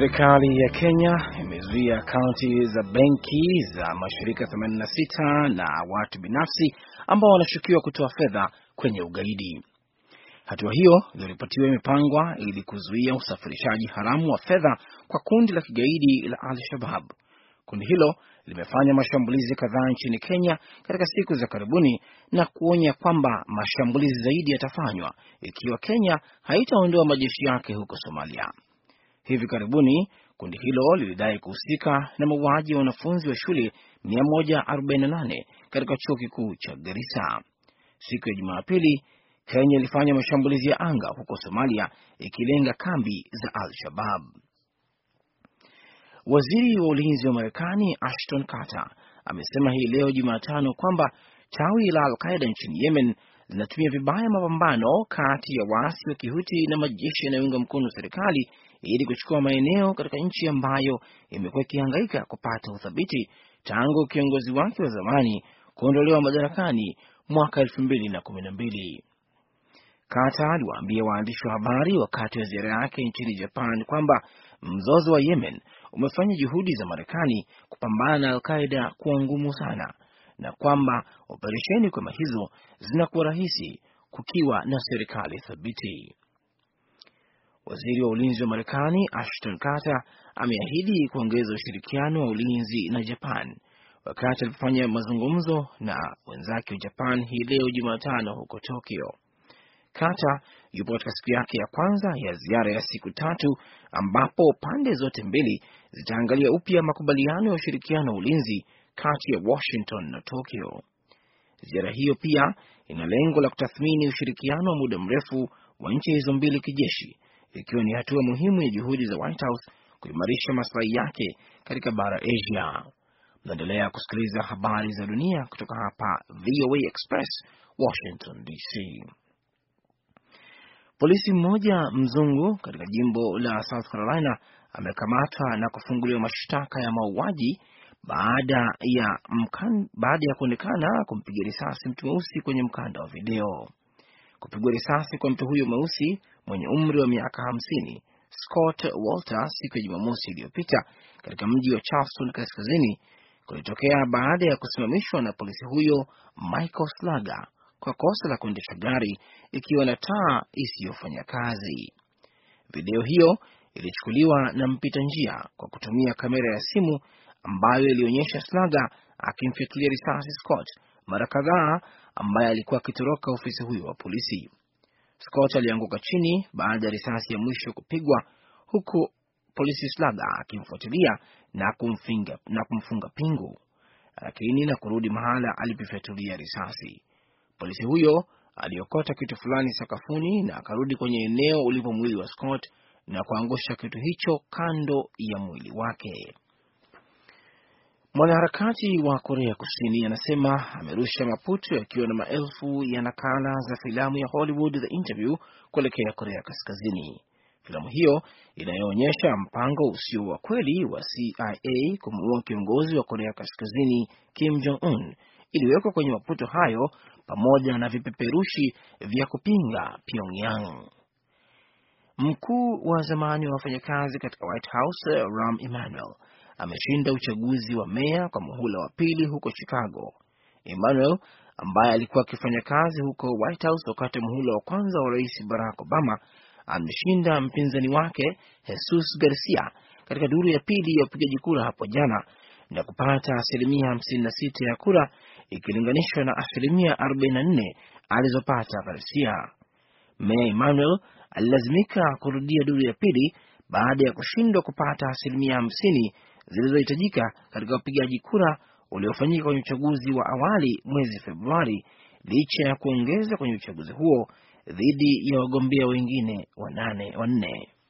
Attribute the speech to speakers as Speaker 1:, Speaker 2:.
Speaker 1: Serikali ya Kenya imezuia akaunti za benki za mashirika 86 na watu binafsi ambao wanashukiwa kutoa fedha kwenye ugaidi. Hatua hiyo iliyoripotiwa imepangwa ili kuzuia usafirishaji haramu wa fedha kwa kundi la kigaidi la Al-Shabab. Kundi hilo limefanya mashambulizi kadhaa nchini Kenya katika siku za karibuni na kuonya kwamba mashambulizi zaidi yatafanywa ikiwa Kenya haitaondoa majeshi yake huko Somalia. Hivi karibuni kundi hilo lilidai kuhusika na mauaji ya wanafunzi wa shule 148 katika chuo kikuu cha Garissa. Siku ya Jumapili, Kenya ilifanya mashambulizi ya anga huko Somalia, ikilenga kambi za Al-Shabab. Waziri wa ulinzi wa Marekani Ashton Carter amesema hii leo Jumatano kwamba tawi la Al-Qaeda nchini Yemen linatumia vibaya mapambano kati ya waasi wa kihuti na majeshi yanayounga mkono serikali ili kuchukua maeneo katika nchi ambayo imekuwa ikihangaika kupata uthabiti tangu kiongozi wake wa zamani kuondolewa madarakani mwaka elfu mbili na kumi na mbili. Kata aliwaambia waandishi wa habari wakati wa ziara yake nchini Japan kwamba mzozo wa Yemen umefanya juhudi za Marekani kupambana na Alqaida kuwa ngumu sana na kwamba operesheni kama hizo zinakuwa rahisi kukiwa na serikali thabiti. Waziri wa ulinzi wa Marekani Ashton Carter ameahidi kuongeza ushirikiano wa ulinzi na Japan wakati alipofanya mazungumzo na wenzake wa Japan hii leo Jumatano huko Tokyo. Carter yupo katika siku yake ya kwanza ya ziara ya siku tatu ambapo pande zote mbili zitaangalia upya makubaliano ya ushirikiano wa ulinzi kati ya Washington na Tokyo. Ziara hiyo pia ina lengo la kutathmini ushirikiano wa muda mrefu wa nchi hizo mbili kijeshi, ikiwa ni hatua muhimu ya juhudi za White House kuimarisha maslahi yake katika bara Asia. Mnaendelea kusikiliza habari za dunia kutoka hapa VOA Express, Washington DC. Polisi mmoja mzungu katika jimbo la South Carolina amekamatwa na kufunguliwa mashtaka ya mauaji baada ya mkan, baada ya kuonekana kumpiga risasi mtu mweusi kwenye mkanda wa video. Kupigwa risasi kwa mtu huyo mweusi mwenye umri wa miaka hamsini Scott Walter siku ya Jumamosi iliyopita katika mji wa Charleston kaskazini kulitokea baada ya kusimamishwa na polisi huyo Michael Slager kwa kosa la kuendesha gari ikiwa na taa isiyofanya kazi. Video hiyo ilichukuliwa na mpita njia kwa kutumia kamera ya simu ambayo ilionyesha Snaga akimfyatulia risasi Scott mara kadhaa, ambaye alikuwa akitoroka ofisi huyo wa polisi. Scott alianguka chini baada ya risasi ya mwisho kupigwa, huku polisi Slaga akimfuatilia na, na kumfunga pingu, lakini na kurudi mahala alipofyatulia risasi. Polisi huyo aliokota kitu fulani sakafuni na akarudi kwenye eneo ulipo mwili wa Scott na kuangusha kitu hicho kando ya mwili wake. Mwanaharakati wa Korea Kusini anasema amerusha maputo yakiwa na maelfu ya nakala za filamu ya Hollywood The Interview kuelekea Korea Kaskazini. Filamu hiyo inayoonyesha mpango usio wa kweli wa CIA kumuua kiongozi wa Korea Kaskazini Kim Jong Un iliwekwa kwenye maputo hayo pamoja na vipeperushi vya kupinga Pyongyang. Mkuu wa zamani wa wafanyakazi katika White House Rahm Emanuel ameshinda uchaguzi wa meya kwa muhula wa pili huko Chicago. Emmanuel ambaye alikuwa akifanya kazi huko White House wakati muhula wa kwanza wa Rais Barack Obama ameshinda mpinzani wake Jesus Garcia katika duru ya pili ya upigaji kura hapo jana na kupata asilimia 56 ya kura ikilinganishwa na asilimia 44 alizopata Garcia. Meya Emmanuel alilazimika kurudia duru ya pili baada ya kushindwa kupata asilimia 50 zilizohitajika katika upigaji kura uliofanyika kwenye uchaguzi wa awali mwezi Februari, licha ya kuongeza kwenye uchaguzi huo dhidi ya wagombea wengine wanane wanne.